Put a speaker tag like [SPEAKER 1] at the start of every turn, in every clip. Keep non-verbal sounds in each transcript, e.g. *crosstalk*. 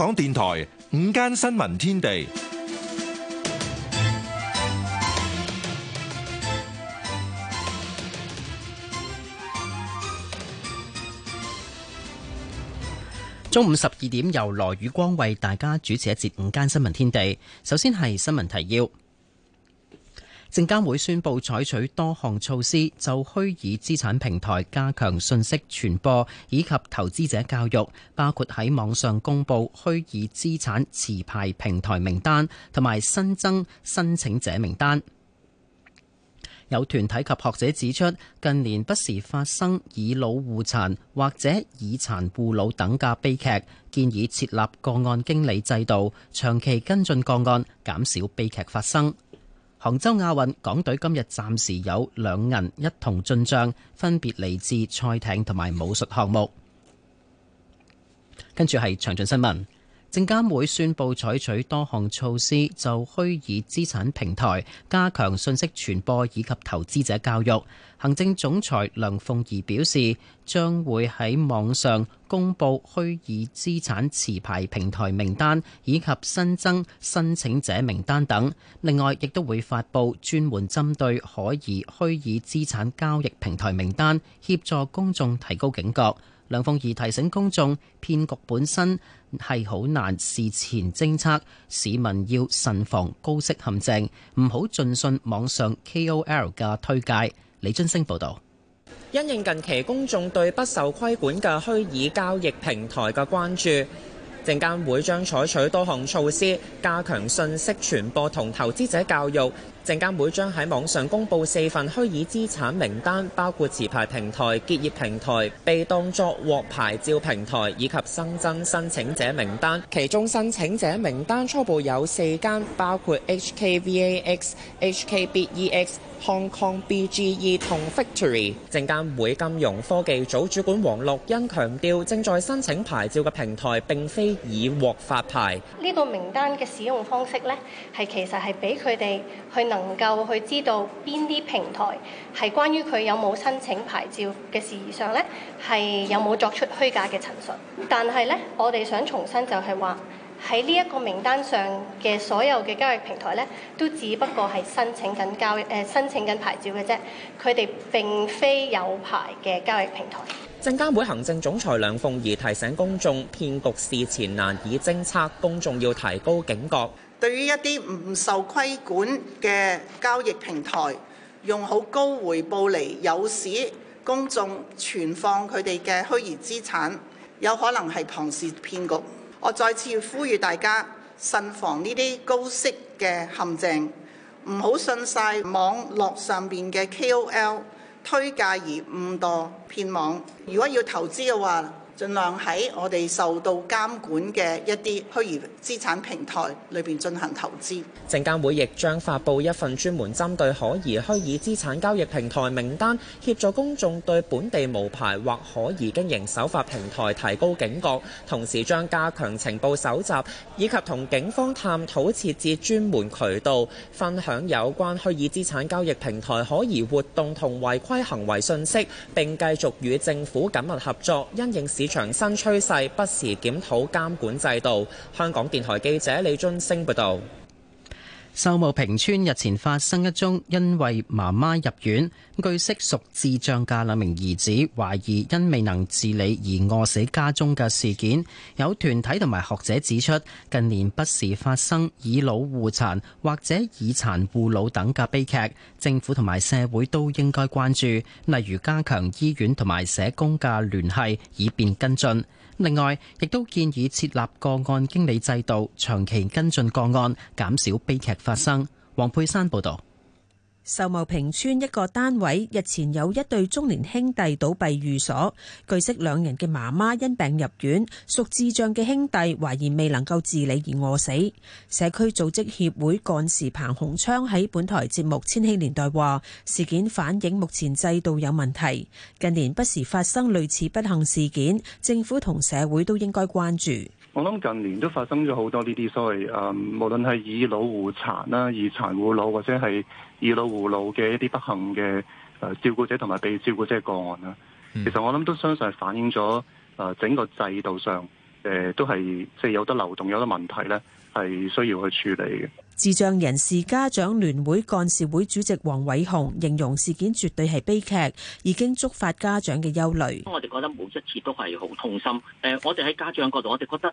[SPEAKER 1] 香港電台午間新聞天地，
[SPEAKER 2] 中午十二點，由羅宇光為大家主持一節午間新聞天地。首先係新聞提要。證監會宣佈採取多項措施，就虛擬資產平台加強信息傳播以及投資者教育，包括喺網上公布虛擬資產持牌平台名單，同埋新增申請者名單。有團體及學者指出，近年不時發生以老護殘或者以殘護老等嘅悲劇，建議設立個案經理制度，長期跟進個案，減少悲劇發生。杭州亞運，港隊今日暫時有兩銀一銅進帳，分別嚟自賽艇同埋武術項目。跟住係詳盡新聞。證監會宣布採取多項措施，就虛擬資產平台加強信息傳播以及投資者教育。行政總裁梁鳳儀表示，將會喺網上公布虛擬資產持牌平台名單以及新增申請者名單等。另外，亦都會發布專門針對可疑虛擬資產交易平台名單，協助公眾提高警覺。梁鳳儀提醒公眾騙局本身係好難事前偵測，市民要慎防高息陷阱，唔好盡信網上 KOL 嘅推介。李津星報導，
[SPEAKER 3] 因應近期公眾對不受規管嘅虛擬交易平台嘅關注，證監會將採取多項措施加強信息傳播同投資者教育。證監會將喺網上公布四份虛擬資產名單，包括持牌平台、結業平台、被當作獲牌照平台以及新增申請者名單，其中申請者名單初步有四間，包括 HKVAX、HKBEX、Hong Kong BGE 同 Victory。證監會金融科技組主管黃樂欣強調，正在申請牌照嘅平台並非已獲發牌。
[SPEAKER 4] 呢個名單嘅使用方式咧，係其實係俾佢哋去。能夠去知道邊啲平台，係關於佢有冇申請牌照嘅事宜上呢，係有冇作出虛假嘅陳述？但係呢，我哋想重申，就係話喺呢一個名單上嘅所有嘅交易平台呢，都只不過係申請緊交易、呃、申請緊牌照嘅啫，佢哋並非有牌嘅交易平台。
[SPEAKER 3] 證監會行政總裁梁鳳儀提醒公眾，騙局事前難以偵測，公眾要提高警覺。
[SPEAKER 5] 對於一啲唔受規管嘅交易平台，用好高回報嚟誘使公眾存放佢哋嘅虛擬資產，有可能係龐氏騙局。我再次呼籲大家慎防呢啲高息嘅陷阱，唔好信晒網絡上邊嘅 KOL 推介而誤墮騙網。如果要投資嘅話，盡量喺我哋受到監管嘅一啲虛擬資產平台裏邊進行投資。
[SPEAKER 3] 證監會亦將發布一份專門針對可疑虛擬資產交易平台名單，協助公眾對本地無牌或可疑經營手法平台提高警覺。同時將加強情報搜集，以及同警方探討設置專門渠道，分享有關虛擬資產交易平台可疑活動同違規行為信息。並繼續與政府緊密合作，因應市長新趨勢，不時檢討監管制度。香港電台記者李
[SPEAKER 2] 俊升報導。秀茂坪村日前發生一宗因為媽媽入院，據悉屬智障嘅兩名兒子懷疑因未能自理而餓死家中嘅事件。有團體同埋學者指出，近年不時發生以老護殘或者以殘護老等嘅悲劇，政府同埋社會都應該關注，例如加強醫院同埋社工嘅聯繫，以便跟進。另外，亦都建議設立個案經理制度，長期跟進個案，減少悲劇發生。黃佩珊報導。
[SPEAKER 6] 秀茂坪村一個單位日前有一對中年兄弟倒斃寓所，據悉兩人嘅媽媽因病入院，屬智障嘅兄弟懷疑未能夠自理而餓死。社區組織協會幹事彭鴻昌喺本台節目《千禧年代》話，事件反映目前制度有問題，近年不時發生類似不幸事件，政府同社會都應該關注。
[SPEAKER 7] 我諗近年都發生咗好多呢啲所謂誒、呃，無論係以老護殘啦，以殘護老，或者係，二老護老嘅一啲不幸嘅誒照顧者同埋被照顧者個案啦，嗯、其實我諗都相信係反映咗誒整個制度上誒、呃、都係即係有得漏洞有得問題咧，係需要去處理嘅。
[SPEAKER 6] 智障人士家長聯會幹事會主席黃偉雄形容事件絕對係悲劇，已經觸發家長嘅憂慮。
[SPEAKER 1] 我哋覺得每一次都
[SPEAKER 2] 係好痛心。誒、呃，我哋喺家長角度，我哋覺得誒、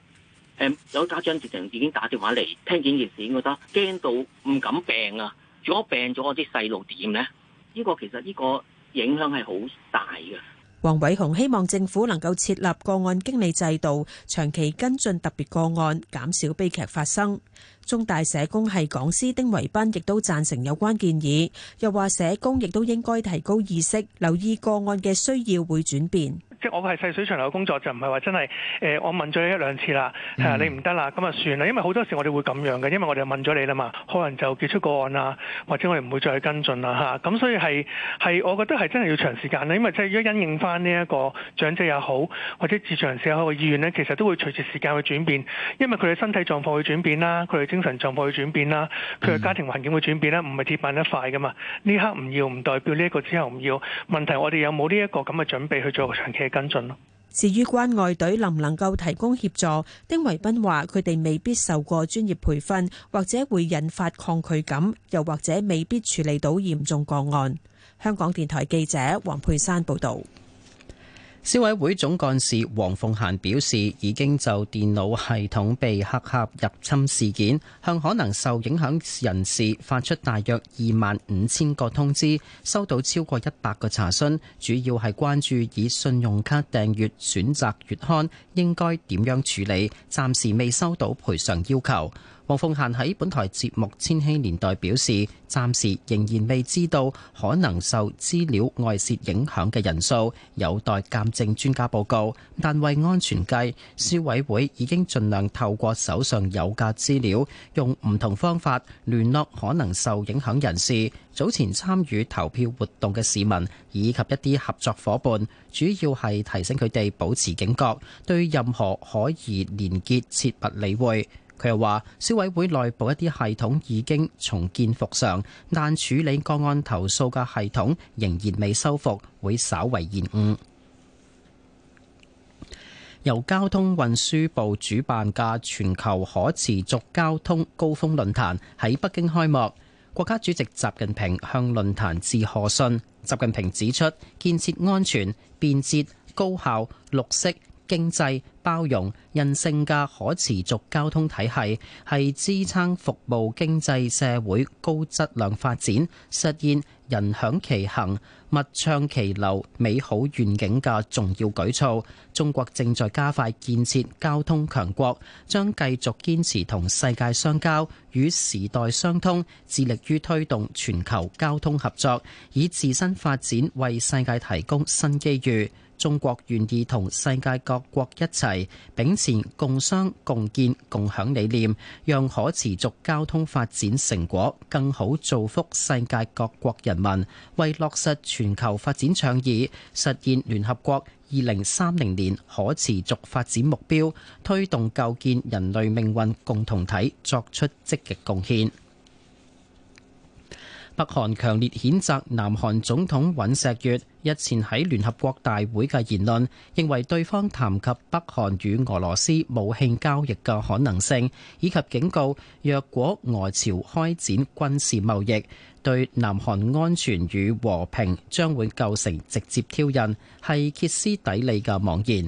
[SPEAKER 2] 呃、有家長直情已經打電話嚟聽見件事，已經覺得驚到唔敢病啊！如果病咗我啲細路點咧？呢個其實呢個影響係好大嘅。
[SPEAKER 6] 黃偉雄希望政府能夠設立個案經理制度，長期跟進特別個案，減少悲劇發生。中大社工系講師丁維斌亦都贊成有關建議，又話社工亦都應該提高意識，留意個案嘅需要會轉變。
[SPEAKER 1] 我係細水長流嘅工作，就唔係話真係誒、呃，我問咗你一兩次啦，係啊，你唔得啦，咁啊算啦，因為好多時我哋會咁樣嘅，因為我哋問咗你啦嘛，可能就結束個案啦，或者我哋唔會再跟進啦嚇，咁、啊、所以係係，我覺得係真係要長時間咧，因為真係果即係如果因應翻呢一個長者也好，或者智障人士嘅意願呢，其實都會隨住時間去轉變，因為佢哋身體狀況去轉變啦，佢哋精神狀況去轉變啦，佢嘅家庭環境會轉變啦，唔係鐵板得快噶嘛，呢刻唔要唔代表呢一個之後唔要，問題我哋有冇呢一個咁嘅準備去做長期？至
[SPEAKER 6] 於關外隊能唔能夠提供協助，丁維斌話佢哋未必受過專業培訓，或者會引發抗拒感，又或者未必處理到嚴重個案。香港電台記者黃佩珊報導。
[SPEAKER 2] 消委會總幹事黃鳳嫻表示，已經就電腦系統被黑客入侵事件，向可能受影響人士發出大約二萬五千個通知，收到超過一百個查詢，主要係關注以信用卡訂閱選擇月刊應該點樣處理，暫時未收到賠償要求。黃鳳嫻喺本台節目《千禧年代》表示，暫時仍然未知道可能受資料外泄影響嘅人數，有待鑑證專家報告。但為安全計，消委會已經盡量透過手上有嘅資料，用唔同方法聯絡可能受影響人士、早前參與投票活動嘅市民以及一啲合作夥伴，主要係提醒佢哋保持警覺，對任何可疑連結切勿理會。佢又話：消委會內部一啲系統已經重建復常，但處理個案投訴嘅系統仍然未修復，會稍為延誤。由交通運輸部主辦嘅全球可持續交通高峰論壇喺北京開幕，國家主席習近平向論壇致賀信。習近平指出，建設安全、便捷、高效、綠色、經濟包容、韌性嘅可持續交通體系，係支撐服務經濟、社會高質量發展、實現人享其行、物暢其流美好願景嘅重要舉措。中國正在加快建設交通強國，將繼續堅持同世界相交、與時代相通，致力於推動全球交通合作，以自身發展為世界提供新機遇。中國願意同世界各國一齊，秉持共商共建共享理念，讓可持續交通發展成果更好造福世界各國人民，為落實全球發展倡議、實現聯合國二零三零年可持續發展目標、推動構建人類命運共同體，作出積極貢獻。北韓強烈譴責南韓總統尹錫悅日前喺聯合國大會嘅言論，認為對方談及北韓與俄羅斯武器交易嘅可能性，以及警告若果外朝開展軍事貿易，對南韓安全與和平將會構成直接挑釁，係歇斯底里嘅妄言。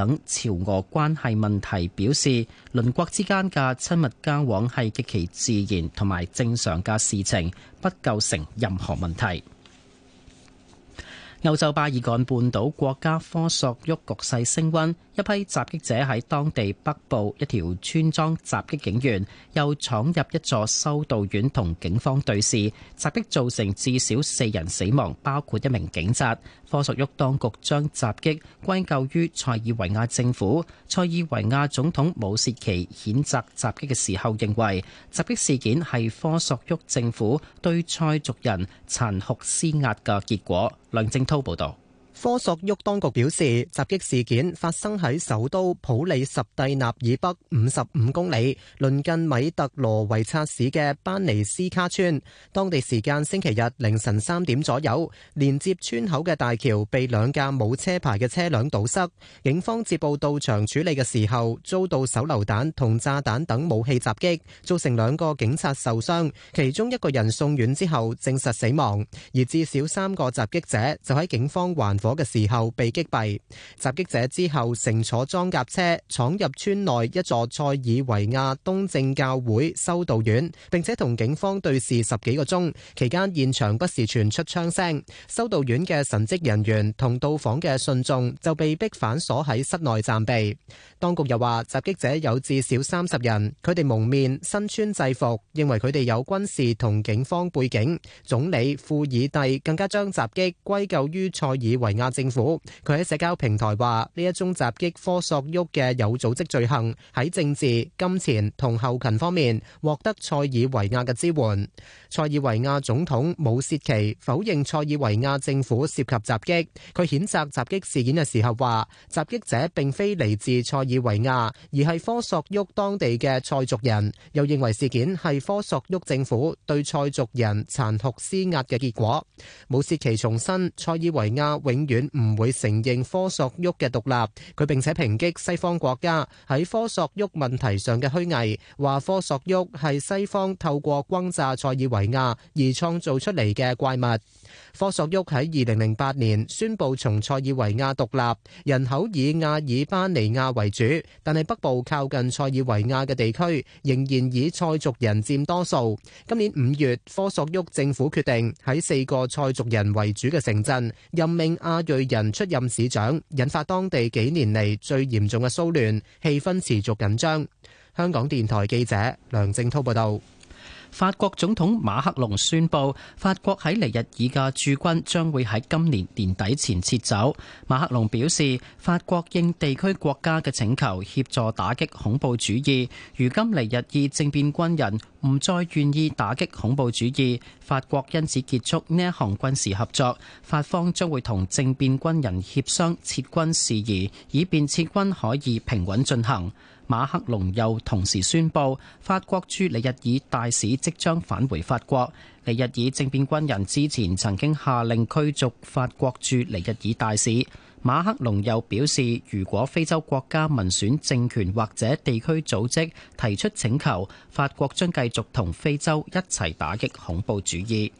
[SPEAKER 2] 等朝俄關係問題表示鄰國之間嘅親密交往係極其自然同埋正常嘅事情，不構成任何問題。歐洲巴爾幹半島國家科索沃局勢升溫。一批襲擊者喺當地北部一條村莊襲擊警員，又闖入一座修道院同警方對峙，襲擊造成至少四人死亡，包括一名警察。科索沃當局將襲擊歸咎於塞爾維亞政府。塞爾維亞總統武切奇譴責襲，襲擊嘅時候，認為襲擊事件係科索沃政府對塞族人殘酷施壓嘅結果。梁正滔報導。科索沃當局表示，襲擊
[SPEAKER 8] 事件發生喺首都普里什蒂納以北五十五公里，鄰近米特羅維察市嘅班尼斯卡村。當地時間星期日凌晨三點左右，連接村口嘅大橋被兩架冇車牌嘅車輛堵塞。警方接報到場處理嘅時候，遭到手榴彈同炸彈等武器襲擊，造成兩個警察受傷，其中一個人送院之後證實死亡。而至少三個襲擊者就喺警方還火嘅時候被擊斃，襲擊者之後乘坐裝甲車闖入村內一座塞爾維亞東正教會修道院，並且同警方對峙十幾個鐘。期間現場不時傳出槍聲，修道院嘅神職人員同到訪嘅信眾就被逼反鎖喺室內暫避。當局又話襲擊者有至少三十人，佢哋蒙面、身穿制服，認為佢哋有軍事同警方背景。總理庫爾蒂更加將襲擊歸咎於塞爾維亞亞政府，佢喺社交平台話呢一宗襲擊科索沃嘅有組織罪行喺政治、金錢同後勤方面獲得塞爾維亞嘅支援。塞爾維亞總統武薛奇否認塞爾維亞政府涉及襲擊，佢譴責襲擊事件嘅時候話襲擊者並非嚟自塞爾維亞，而係科索沃當地嘅塞族人，又認為事件係科索沃政府對塞族人殘酷施壓嘅結果。武薛奇重申塞爾維亞永遠唔會承認科索沃嘅獨立，佢並且抨擊西方國家喺科索沃問題上嘅虛偽，話科索沃係西方透過轟炸塞爾維亞而創造出嚟嘅怪物。科索沃喺二零零八年宣布從塞爾維亞獨立，人口以亞爾巴尼亞為主，但係北部靠近塞爾維亞嘅地區仍然以塞族人佔多數。今年五月，科索沃政府決定喺四個塞族人為主嘅城鎮任命阿裔人出任市長，引發當地幾年嚟最嚴重嘅騷亂，氣氛持續緊張。香港電台記者
[SPEAKER 2] 梁正濤報道。法國總統馬克龍宣布，法國喺尼日爾嘅駐軍將會喺今年年底前撤走。馬克龍表示，法國應地區國家嘅請求協助打擊恐怖主義。如今尼日爾政變軍人唔再願意打擊恐怖主義，法國因此結束呢一項軍事合作。法方將會同政變軍人協商撤軍事宜，以便撤軍可以平穩進行。馬克龍又同時宣布，法國駐尼日爾大使即將返回法國。尼日爾政變軍人之前曾經下令驅逐法國駐尼日爾大使。馬克龍又表示，如果非洲國家民選政權或者地區組織提出請求，法國將繼續同非洲一齊打擊恐怖主義。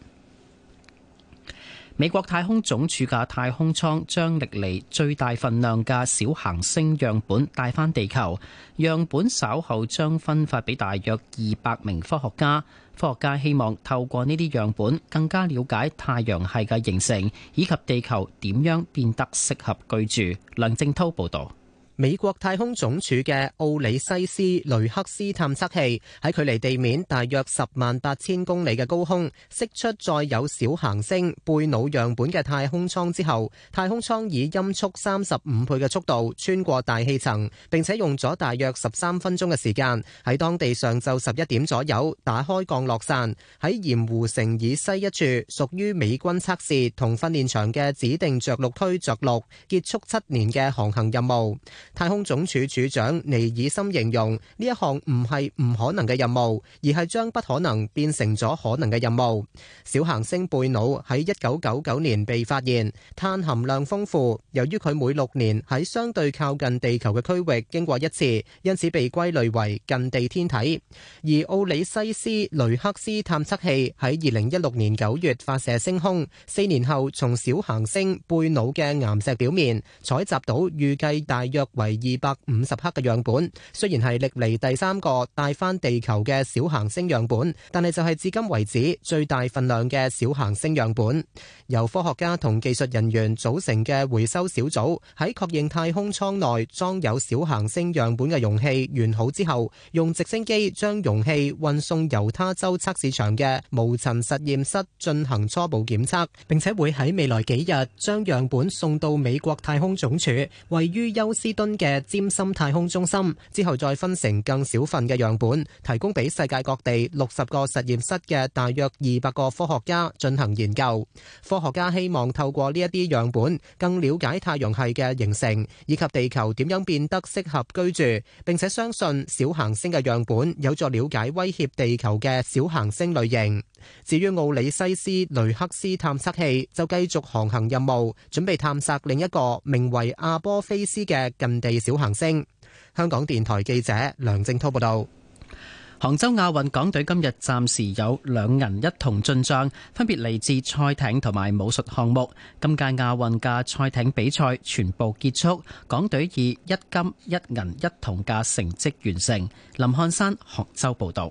[SPEAKER 2] 美國太空總署嘅太空艙將歷嚟最大份量嘅小行星樣本帶翻地球，樣本稍後將分發俾大約二百名科學家。科學家希望透過呢啲樣本，更加了解太陽系嘅形成，以及地球點樣變得適合居住。梁正濤報道。美國太空總署嘅奧里西斯雷克斯探測器
[SPEAKER 8] 喺距離地面大約十萬八千公里嘅高空釋出載有小行星貝努樣本嘅太空艙之後，太空艙以音速三十五倍嘅速度穿過大氣層，並且用咗大約十三分鐘嘅時間喺當地上晝十一點左右打開降落傘，喺鹽湖城以西一處屬於美軍測試同訓練場嘅指定着陸區着陸，結束七年嘅航行任務。太空總署署長尼爾森形容呢一項唔係唔可能嘅任務，而係將不可能變成咗可能嘅任務。小行星貝努喺一九九九年被發現，碳含量豐富，由於佢每六年喺相對靠近地球嘅區域經過一次，因此被歸類為近地天體。而奧里西斯雷克斯探測器喺二零一六年九月發射升空，四年後從小行星貝努嘅岩石表面採集到預計大約為二百五十克嘅樣本，雖然係歷嚟第三個帶翻地球嘅小行星樣本，但係就係至今為止最大份量嘅小行星樣本。由科學家同技術人員組成嘅回收小組喺確認太空艙內裝有小行星樣本嘅容器完好之後，用直升機將容器運送猶他州測試場嘅無塵實驗室進行初步檢測，並且會喺未來幾日將樣本送到美國太空總署位於休斯。新嘅尖深太空中心，之後再分成更小份嘅樣本，提供俾世界各地六十個實驗室嘅大約二百個科學家進行研究。科學家希望透過呢一啲樣本，更了解太陽系嘅形成以及地球點樣變得適合居住。並且相信小行星嘅樣本有助了解威脅地球嘅小行星類型。至於奧里西斯雷克斯探測器就繼續航行任務，準備探索另一個名為阿波菲斯
[SPEAKER 2] 嘅近地小行星。香港電台記者梁正濤報道。杭州亞運港隊今日暫時有兩人一同進賬，分別嚟自賽艇同埋武術項目。今屆亞運嘅賽艇比賽全部結束，港隊以一金一銀一同嘅成績完成。林漢山杭州報道。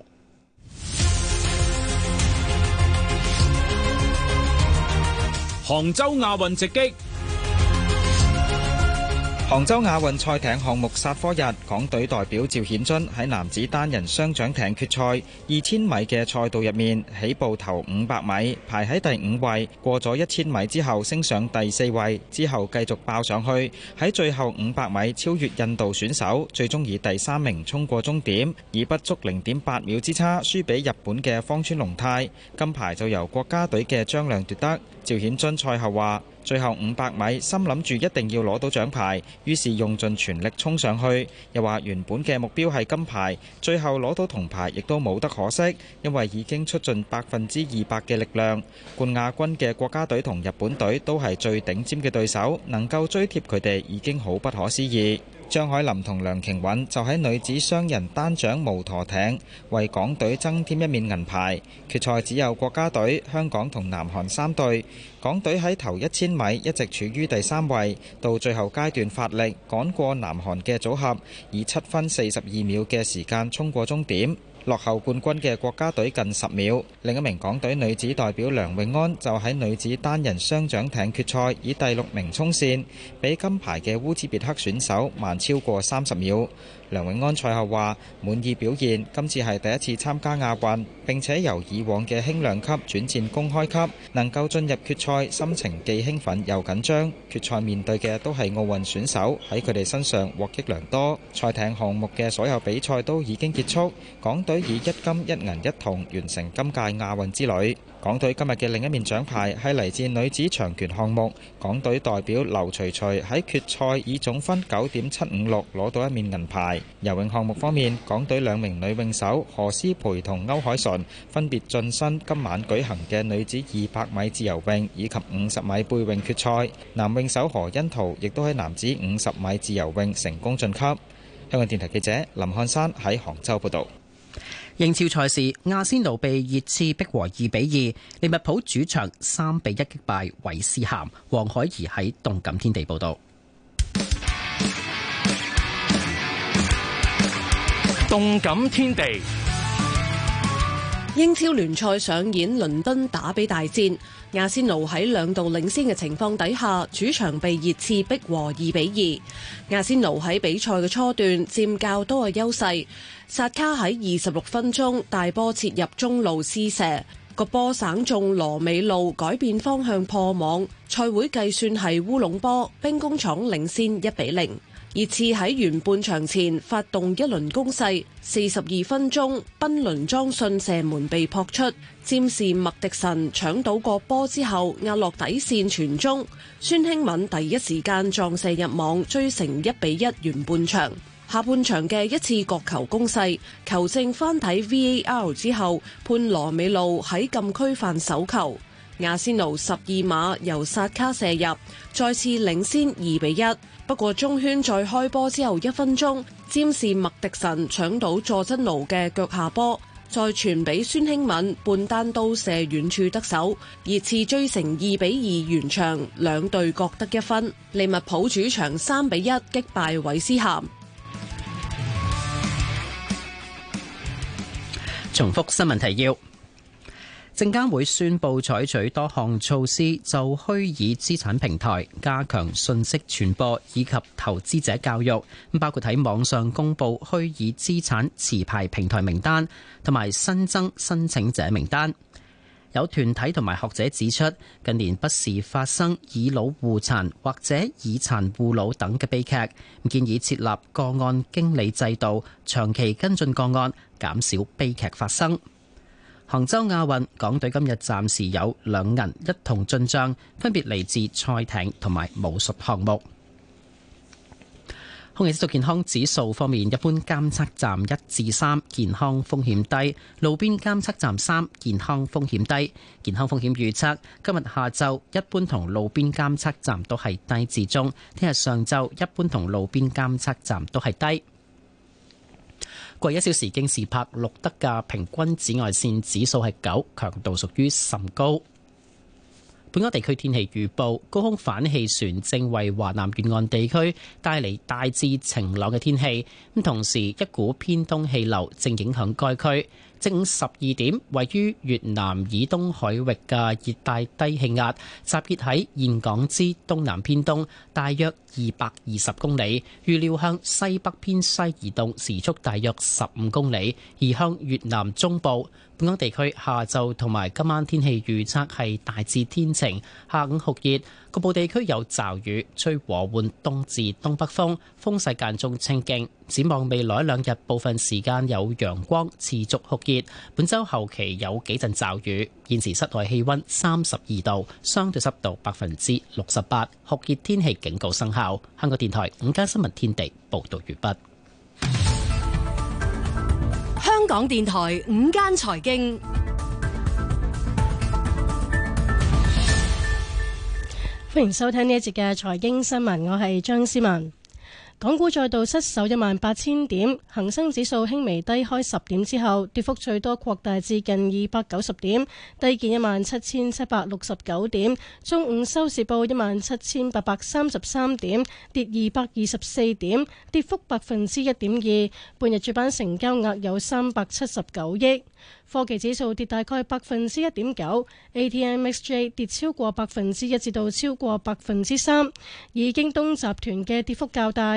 [SPEAKER 9] 杭州亞運直擊。杭州亞運賽艇項目殺科日，港隊代表趙顯津喺男子單人雙槳艇決賽二千米嘅賽道入面，起步頭五百米排喺第五位，過咗一千米之後升上第四位，之後繼續爆上去，喺最後五百米超越印度選手，最終以第三名衝過終點，以不足零點八秒之差輸俾日本嘅芳村龍泰，金牌就由國家隊嘅張亮奪得。趙顯津賽後話。最後五百米，心諗住一定要攞到獎牌，於是用盡全力衝上去。又話原本嘅目標係金牌，最後攞到銅牌亦都冇得可惜，因為已經出盡百分之二百嘅力量。冠亞軍嘅國家隊同日本隊都係最頂尖嘅對手，能夠追貼佢哋已經好不可思議。張海林同梁瓊韻就喺女子雙人單槳無舵艇為港隊增添一面銀牌。決賽只有國家隊、香港同南韓三隊，港隊喺頭一千米一直處於第三位，到最後階段發力，趕過南韓嘅組合，以七分四十二秒嘅時間衝過終點。落後冠軍嘅國家隊近十秒，另一名港隊女子代表梁永安就喺女子單人雙槳艇決賽以第六名衝線，比金牌嘅烏茲別克選手慢超過三十秒。梁永安賽後話：滿意表現，今次係第一次參加亞運，並且由以往嘅輕量級轉戰公開級，能夠進入決賽，心情既興奮又緊張。決賽面對嘅都係奧運選手，喺佢哋身上獲益良多。賽艇項目嘅所有比賽都已經結束，港隊以一金一銀一銅完成今屆亞運之旅。港隊今日嘅另一面獎牌係嚟自女子長拳項目，港隊代表劉徐徐喺決賽以總分九點七五六攞到一面銀牌。游泳項目方面，港隊兩名女泳手何思培同歐海純分別晉身今晚舉行嘅女子二百米自由泳以及五十米背泳決賽。男泳手何欣圖亦都喺男子五十米自
[SPEAKER 2] 由泳成功晉
[SPEAKER 9] 級。香港電台記者林漢山喺杭州報導。
[SPEAKER 2] 英超賽事，亞仙奴被熱刺逼和二比二，利物浦主場三比一擊敗韋斯咸。黃海怡喺動感天地報道。
[SPEAKER 1] 動感天地，天地
[SPEAKER 10] 英超聯賽上演倫敦打比大戰，亞仙奴喺兩度領先嘅情況底下，主場被熱刺逼和二比二。亞仙奴喺比賽嘅初段佔較多嘅優勢。薩卡喺二十六分鐘大波切入中路施射，個波省中羅美路改變方向破網，賽會計算係烏龍波，兵工廠領先一比零。熱刺喺完半場前發動一輪攻勢，四十二分鐘，賓倫莊信射門被撲出，占士麥迪神搶到個波之後壓落底線傳中，孫興敏第一時間撞射入網追成一比一完半場。下半場嘅一次角球攻勢，球證翻睇 VAR 之後判羅美路喺禁區犯手球，亞仙奴十二碼由薩卡射入，再次領先二比一。不過中圈再開波之後一分鐘，占士麥迪臣搶到佐真奴嘅腳下波，再傳俾孫興敏半單刀射遠處得手，熱刺追成二比二完場，兩隊各得一分。利物浦主場三比一擊敗韋斯咸。
[SPEAKER 2] 重複新聞提要：證監會宣布採取多項措施，就虛擬資產平台加強信息傳播以及投資者教育，包括喺網上公布虛擬資產持牌平台名單，同埋新增申請者名單。有團體同埋學者指出，近年不時發生以老護殘或者以殘護老等嘅悲劇，建議設立個案經理制度，長期跟進個案。減少悲劇發生。杭州亞運，港隊今日暫時有兩銀一銅進賬，分別嚟自賽艇同埋武術項目。空氣質素健康指數方面，一般監測站一至三，健康風險低；路邊監測站三，健康風險低。健康風險預測：今日下晝一般同路邊監測站都係低至中；聽日上晝一般同路邊監測站都係低。過去一小時京士柏錄得嘅平均紫外線指數係九，強度屬於甚高。本港地區天氣預報，高空反氣旋正為華南沿岸地區帶嚟大致晴朗嘅天氣。咁同時，一股偏東氣流正影響該區。正午十二點，位於越南以東海域嘅熱帶低氣壓集結喺現港之東南偏東，大約二百二十公里，預料向西北偏西移動，時速大約十五公里，移向越南中部。本港地區下晝同埋今晚天氣預測係大致天晴，下午酷熱，局部地區有驟雨，吹和緩東至東北風，風勢間中清勁。展望未來一兩日，部分時間有陽光，持續酷熱。本周後期有幾陣驟雨。現時室內氣溫三十二度，相對濕度百分之六十八，酷熱天氣警告生效。香港電台午間新聞天地報道完畢。
[SPEAKER 4] 香港電台午間財經，歡迎收聽呢一節嘅財經新聞，我係張思文。港股再度失守一萬八千點，恒生指數輕微低開十點之後，跌幅最多擴大至近二百九十點，低見一萬七千七百六十九點。中午收市報一萬七千八百三十三點，跌二百二十四點，跌幅百分之一點二。半日主板成交額有三百七十九億。科技指數跌大概百分之一點九，A T M X J 跌超過百分之一至到超過百分之三，以京東集團嘅跌幅較大。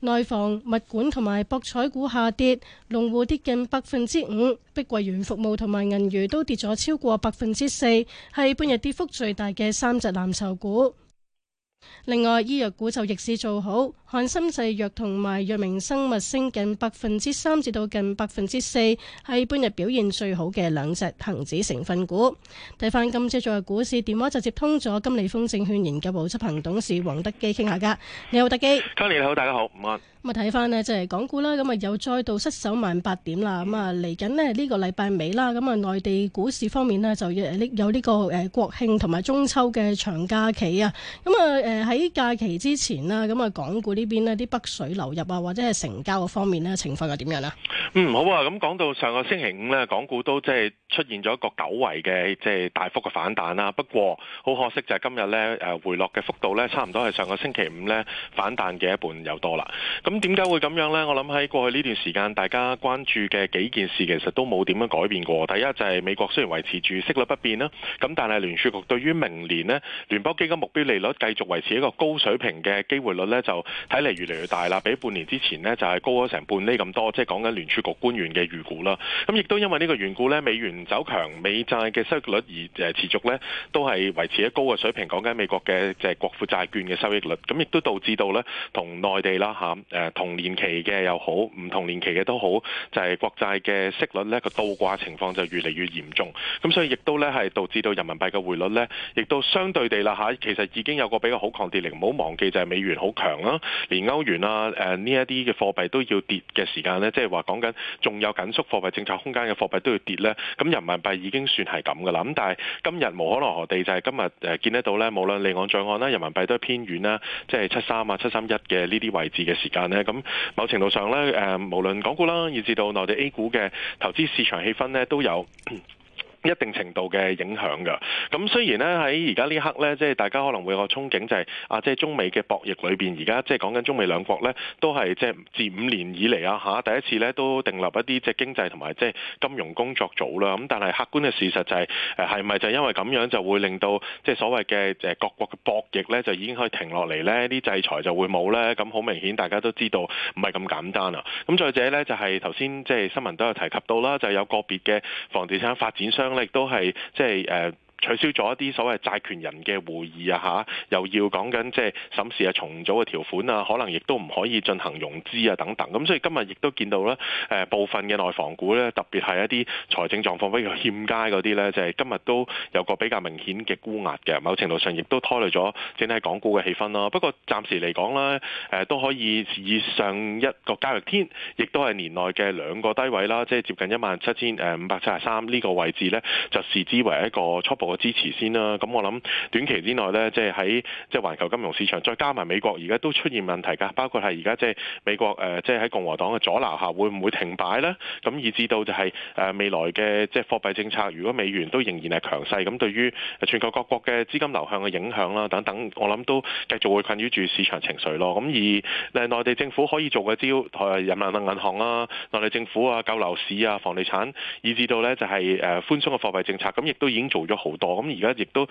[SPEAKER 4] 內房、物管同埋博彩股下跌，龍湖跌近百分之五，碧桂園服務同埋銀娛都跌咗超過百分之四，係半日跌幅最大嘅三隻藍籌股。另外，醫藥股就逆市做好，翰森製藥同埋藥明生物升近百分之三至到近百分之四，係半日表現最好嘅兩隻恒指成分股。睇翻今朝早嘅股市，電話就接通咗金利豐證券研究部執行董事黃德基傾下噶，你好，德基，
[SPEAKER 1] 張連你好，大家好，午安。
[SPEAKER 4] 咁啊，睇翻呢就係港股啦，咁啊又再度失守萬八點啦。咁啊，嚟緊呢呢個禮拜尾啦，咁啊內地股市方面呢，就有呢個誒國慶同埋中秋嘅長假期啊。咁啊誒喺假期之前啦，咁啊港股呢邊呢啲北水流入啊，或者係成交嘅方面呢，情況係點樣呢？
[SPEAKER 1] 嗯，好啊。咁講到上個星期五呢，港股都即係出現咗一個久違嘅即係大幅嘅反彈啦。不過好可惜就係今日呢，誒回落嘅幅度呢，差唔多係上個星期五呢反彈嘅一半有多啦。咁點解會咁樣呢？我諗喺過去呢段時間，大家關注嘅幾件事其實都冇點樣改變過。第一就係美國雖然維持住息率不變啦，咁但係聯儲局對於明年呢聯邦基金目標利率繼續維持一個高水平嘅機會率呢，就睇嚟越嚟越大啦。比半年之前呢，就係高咗成半厘咁多，即係講緊聯儲局官員嘅預估啦。咁亦都因為呢個緣故呢，美元走強、美債嘅收益率而持續呢，都係維持喺高嘅水平，講緊美國嘅即係國庫債券嘅收益率。咁亦都導致到呢同內地啦嚇。誒同年期嘅又好，唔同年期嘅都好，就係國債嘅息率呢個倒掛情況就越嚟越嚴重，咁所以亦都咧係導致到人民幣嘅匯率咧，亦都相對地啦吓，其實已經有個比較好抗跌力，唔好忘記就係美元好強啦，連歐元啊、誒呢一啲嘅貨幣都要跌嘅時間咧，即係話講緊仲有緊縮貨幣政策空間嘅貨幣都要跌咧，咁人民幣已經算係咁噶啦，咁但係今日無可奈何地就係今日誒見得到咧，無論離岸、在岸啦，人民幣都偏軟啦，即係七三啊、七三一嘅呢啲位置嘅時間。咁、嗯，某程度上咧，誒、呃，無論港股啦，以至到內地 A 股嘅投資市場氣氛咧，都有， *coughs* 一定程度嘅影響㗎。咁雖然呢，喺而家呢刻呢，即係大家可能會有個憧憬、就是，就係啊，即係中美嘅博弈裏邊。而家即係講緊中美兩國呢，都係即係自五年以嚟啊吓第一次呢都訂立一啲即係經濟同埋即係金融工作組啦。咁但係客觀嘅事實就係誒係咪就因為咁樣就會令到即係所謂嘅誒各國嘅博弈呢，就已經可以停落嚟呢啲制裁就會冇呢？咁好明顯大家都知道唔係咁簡單啊。咁再者呢，就係頭先即係新聞都有提及到啦，就有個別嘅房地產發展商。能力都係，即係。誒、uh。取消咗一啲所謂債權人嘅會議啊！吓，又要講緊即係審視啊、重組嘅條款啊，可能亦都唔可以進行融資啊等等。咁所以今日亦都見到咧，誒部分嘅內房股咧，特別係一啲財政狀況比較欠佳嗰啲咧，就係、是、今日都有個比較明顯嘅沽壓嘅。某程度上亦都拖累咗整體港股嘅氣氛啦。不過暫時嚟講咧，誒都可以以上一個交易天，亦都係年內嘅兩個低位啦，即、就、係、是、接近一萬七千誒五百七十三呢個位置咧，就視之為一個初步。我支持先啦，啊，咁我諗短期之內呢，即係喺，即係環球金融市場，再加埋美國而家都出現問題噶包括係而家即係美國誒，即係喺共和黨嘅阻撓下，會唔會停擺咧？咁以至到就係誒未來嘅即係貨幣政策，如果美元都仍然係強勢，咁對於全球各國嘅資金流向嘅影響啦等等，我諗都繼續會困擾住市場情緒咯。咁而誒內地政府可以做嘅招，誒人民銀行啊，內地政府啊救樓市啊房地產，以至到咧就係誒寬鬆嘅貨幣政策，咁亦都已經做咗好。咁而家亦都誒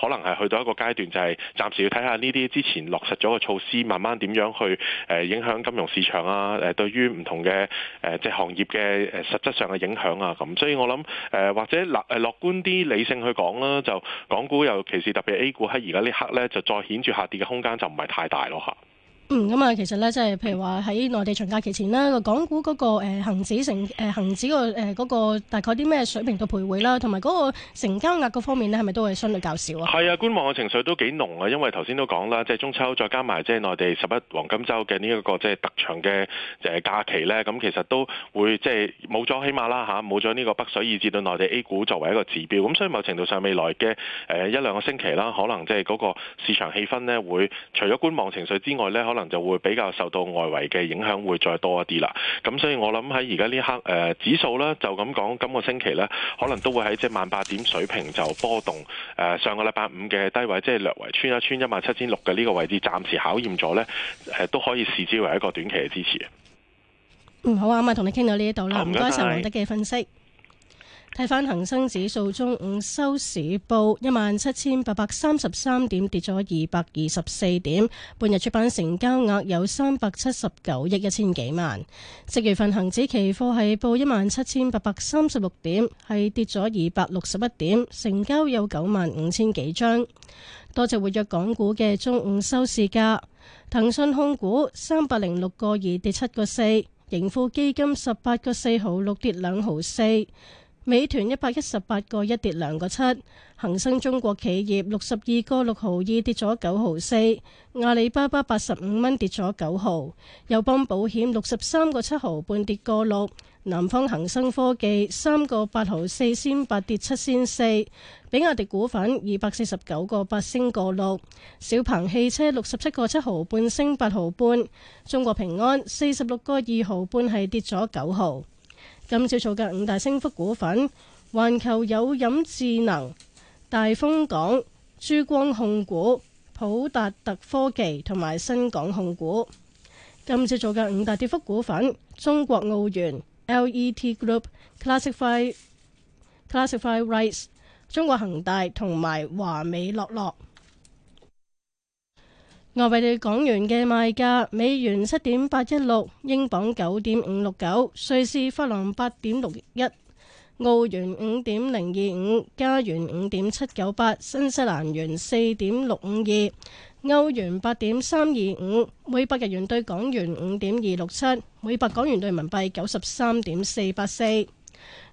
[SPEAKER 1] 可能係去到一個階段，就係暫時要睇下呢啲之前落實咗嘅措施，慢慢點樣去誒影響金融市場啊，誒對於唔同嘅誒即係行業嘅誒實質上嘅影響啊，咁，所以我諗誒或者樂誒樂觀啲理性去講啦，就港股尤其是特別 A 股喺而家呢刻咧，就再顯著下跌嘅空間就唔係太大咯吓。
[SPEAKER 4] 嗯，咁啊，其實咧，即係譬如話喺內地長假期前啦，港股嗰個誒恆指成誒恆指個誒嗰個大概啲咩水平度徘徊啦，同埋嗰個成交額嗰方面咧，係咪都係相對較少啊？
[SPEAKER 1] 係啊，觀望嘅情緒都幾濃啊，因為頭先都講啦，即係中秋再加埋即係內地十一黃金周嘅呢一個即係特長嘅誒假期咧，咁其實都會即係冇咗，起碼啦嚇冇咗呢個北水以至到內地 A 股作為一個指標，咁所以某程度上未來嘅誒一兩個星期啦，可能即係嗰個市場氣氛咧，會除咗觀望情緒之外咧，可能。可能就會比較受到外圍嘅影響，會再多一啲啦。咁所以，我諗喺而家呢刻，誒、呃、指數咧就咁講，今個星期咧可能都會喺即係萬八點水平就波動。誒、呃、上個禮拜五嘅低位，即係略為穿一穿一萬七千六嘅呢個位置，暫時考驗咗咧，誒、呃、都可以視之為一個短期嘅支持。
[SPEAKER 4] 嗯，好啊，咁、嗯、啊，同你傾到呢度啦，唔該曬黃德嘅分析。謝謝。睇返恒生指數中午收市報一萬七千八百三十三點，跌咗二百二十四點。半日出版成交額有三百七十九億一千幾萬。即月份恒指期貨係報一萬七千八百三十六點，係跌咗二百六十一點，成交有九萬五千幾張。多隻活躍港股嘅中午收市價，騰訊控股三百零六個二跌七個四，盈富基金十八個四毫六跌兩毫四。美團一百一十八個一跌兩個七，恒生中國企業六十二個六毫二跌咗九毫四，阿里巴巴八十五蚊跌咗九毫，友邦保險六十三個七毫半跌個六，南方恒生科技三個八毫四仙八跌七仙四，比亞迪股份二百四十九個八升個六，小鵬汽車六十七個七毫半升八毫半，中國平安四十六個二毫半係跌咗九毫。今次做嘅五大升幅股份：環球有飲智能、大豐港、珠光控股、普達特科技同埋新港控股。今次做嘅五大跌幅股份：中國奧園、LET Group、Classify、Classify Rights、中國恒大同埋華美樂樂。外幣對港元嘅賣價：美元七點八一六，英鎊九點五六九，瑞士法郎八點六一，澳元五點零二五，加元五點七九八，新西蘭元四點六五二，歐元八點三二五，每百日元對港元五點二六七，每百港元對人民幣九十三點四八四。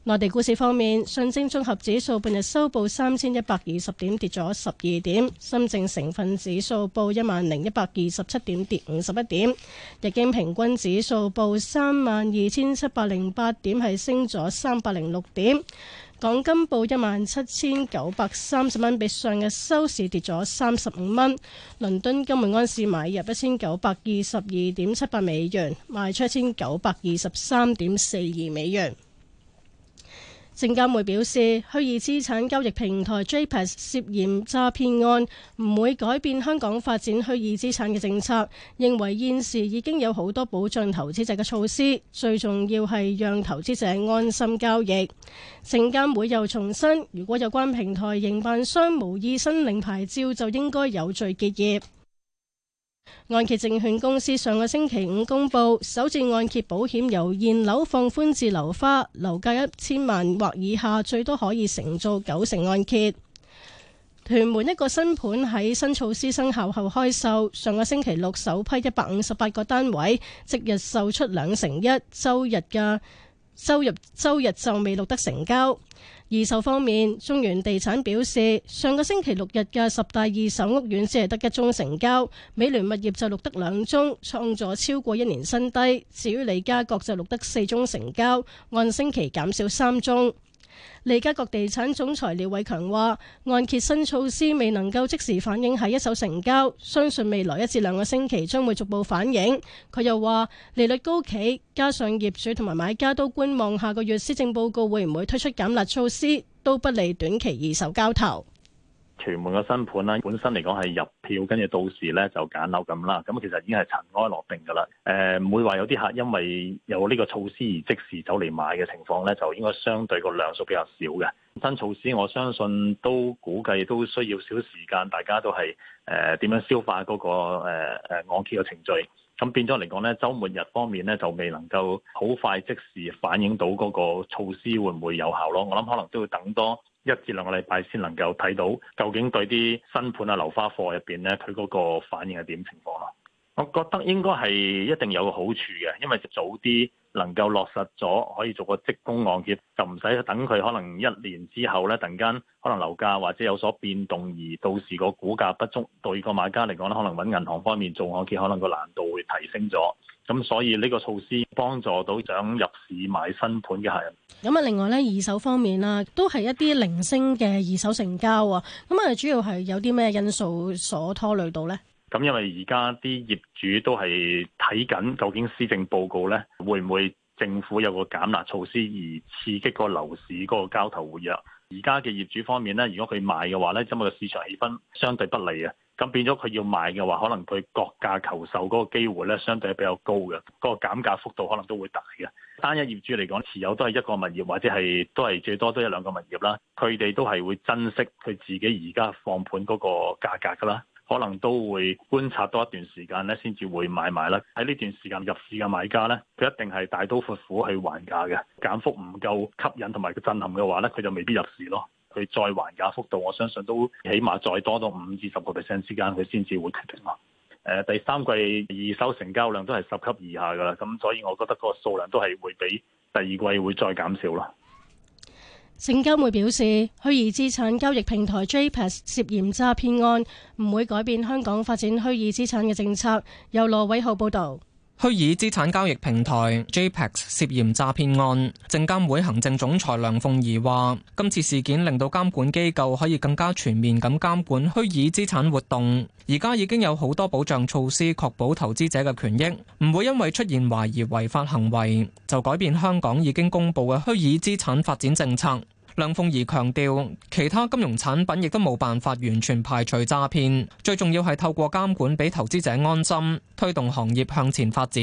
[SPEAKER 4] 內地股市方面，上證綜合指數半日收報三千一百二十點，跌咗十二點；深證成分指數報一萬零一百二十七點，跌五十一點；日經平均指數報三萬二千七百零八點，係升咗三百零六點；港金報一萬七千九百三十蚊，比上日收市跌咗三十五蚊；倫敦金每盎司買入一千九百二十二點七八美元，賣出一千九百二十三點四二美元。證監會表示，虛擬資產交易平台 JPEX 涉嫌詐騙案唔會改變香港發展虛擬資產嘅政策，認為現時已經有好多保障投資者嘅措施，最重要係讓投資者安心交易。證監會又重申，如果有關平台營辦商無意申領牌照，就應該有序結業。按揭證券公司上個星期五公布，首次按揭保險由現樓放寬至樓花，樓價一千萬或以下，最多可以承造九成按揭。屯門一個新盤喺新措施生效後開售，上個星期六首批一百五十八個單位，即日售出兩成一，周日嘅，周日，周日就未錄得成交。二手方面，中原地產表示，上個星期六日嘅十大二手屋苑只係得一宗成交，美聯物業就錄得兩宗，創咗超過一年新低。至於利嘉閣就錄得四宗成交，按星期減少三宗。利嘉閣地產總裁廖偉強話：按揭新措施未能夠即時反映喺一手成交，相信未來一至兩個星期將會逐步反映。佢又話：利率高企，加上業主同埋買家都觀望，下個月施政報告會唔會推出減辣措施，都不利短期二手交投。
[SPEAKER 7] 屯門嘅新盤啦，本身嚟講係入票，跟住到時咧就揀樓咁啦。咁其實已經係塵埃落定㗎啦。誒、呃，唔會話有啲客因為有呢個措施而即時走嚟買嘅情況咧，就應該相對個量數比較少嘅。新措施我相信都估計都需要少時間，大家都係誒點樣消化嗰、那個誒、呃、按揭嘅程序。咁變咗嚟講咧，週末日方面咧就未能夠好快即時反映到嗰個措施會唔會有效咯。我諗可能都要等多。一至兩個禮拜先能夠睇到究竟對啲新盤啊、流花貨入邊咧，佢嗰個反應係點情況咯？我覺得應該係一定有個好處嘅，因為就早啲。能夠落實咗，可以做個職工按揭，就唔使等佢可能一年之後咧，突然間可能樓價或者有所變動而到時個股價不足。對個買家嚟講咧，可能揾銀行方面做按揭可能個難度會提升咗。咁所以呢個措施幫助到想入市買新盤嘅客人。
[SPEAKER 4] 咁啊，另外咧，二手方面啦，都係一啲零星嘅二手成交啊。咁啊，主要係有啲咩因素所拖累到咧？
[SPEAKER 7] 咁因為而家啲業主都係睇緊究竟施政報告咧，會唔會政府有個減壓措施而刺激個樓市嗰個交投活躍？而家嘅業主方面咧，如果佢賣嘅話咧，因為個市場氣氛相對不利啊，咁變咗佢要賣嘅話，可能佢各價求售嗰個機會咧，相對係比較高嘅，嗰個減價幅度可能都會大嘅。單一業主嚟講，持有都係一個物業或者係都係最多都一兩個物業啦，佢哋都係會珍惜佢自己而家放盤嗰個價格噶啦。可能都會觀察多一段時間咧，先至會買埋啦。喺呢段時間入市嘅買家咧，佢一定係大刀闊斧去還價嘅。減幅唔夠吸引同埋佢震撼嘅話咧，佢就未必入市咯。佢再還價幅度，我相信都起碼再多到五至十個 percent 之間，佢先至會決定啊。誒、呃，第三季二手成交量都係十級以下噶啦，咁所以我覺得個數量都係會比第二季會再減少啦。
[SPEAKER 4] 證監會表示，虛擬資產交易平台 JPEX 涉嫌詐騙案，唔會改變香港發展虛擬資產嘅政策。由羅偉浩報道。
[SPEAKER 11] 虛擬資產交易平台 JPEX 涉嫌詐騙案，證監會行政總裁梁鳳儀話：今次事件令到監管機構可以更加全面咁監管虛擬資產活動。而家已經有好多保障措施，確保投資者嘅權益，唔會因為出現懷疑違法行為，就改變香港已經公布嘅虛擬資產發展政策。梁鳳儀強調，其他金融產品亦都冇辦法完全排除詐騙，最重要係透過監管俾投資者安心，推動行業向前發展。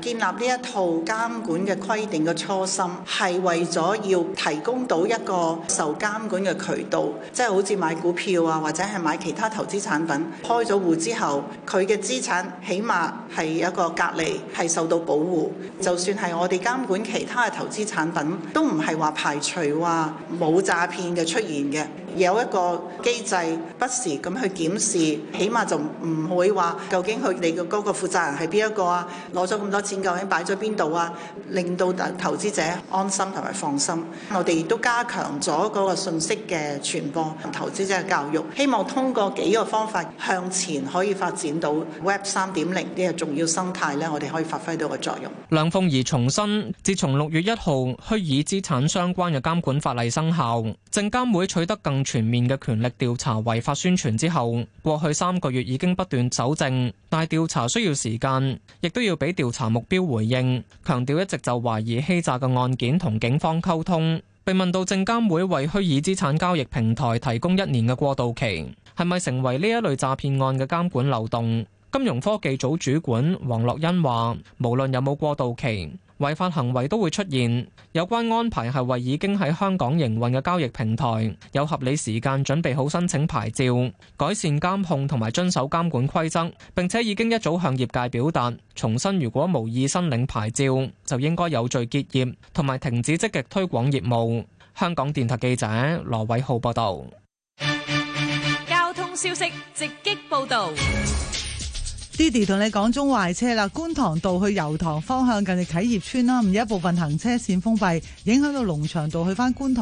[SPEAKER 5] 建立呢一套監管嘅規定嘅初心，係為咗要提供到一個受監管嘅渠道，即係好似買股票啊，或者係買其他投資產品，開咗戶之後，佢嘅資產起碼係一個隔離，係受到保護。就算係我哋監管其他嘅投資產品，都唔係話排除話啊。冇詐騙嘅出現嘅。有一個機制不時咁去檢視，起碼就唔會話究竟佢你嘅嗰個負責人係邊一個啊？攞咗咁多錢究竟擺咗邊度啊？令到投資者安心同埋放心。我哋亦都加強咗嗰個信息嘅傳播、同投資者嘅教育，希望通過幾個方法向前可以發展到 Web 三點零呢個重要生態咧，我哋可以發揮到個作用。
[SPEAKER 11] 梁鳳儀重申，自從六月一號虛擬資產相關嘅監管法例生效，證監會取得更全面嘅權力調查違法宣傳之後，過去三個月已經不斷搜證，但調查需要時間，亦都要俾調查目標回應。強調一直就懷疑欺詐嘅案件同警方溝通。被問到證監會為虛擬資產交易平台提供一年嘅過渡期，係咪成為呢一類詐騙案嘅監管漏洞？金融科技組主管黃樂欣話：無論有冇過渡期。違法行為都會出現。有關安排係為已經喺香港營運嘅交易平台，有合理時間準備好申請牌照，改善監控同埋遵守監管規則。並且已經一早向業界表達，重新，如果無意申領牌照，就應該有序結業同埋停止積極推廣業務。香港電台記者羅偉浩報道。
[SPEAKER 6] 交通消息直擊報導。
[SPEAKER 5] Didi 同你講宗壞車啦，觀塘道去油塘方向近日啟業村啦，唔一部分行車線封閉，影響到龍翔道去返觀塘。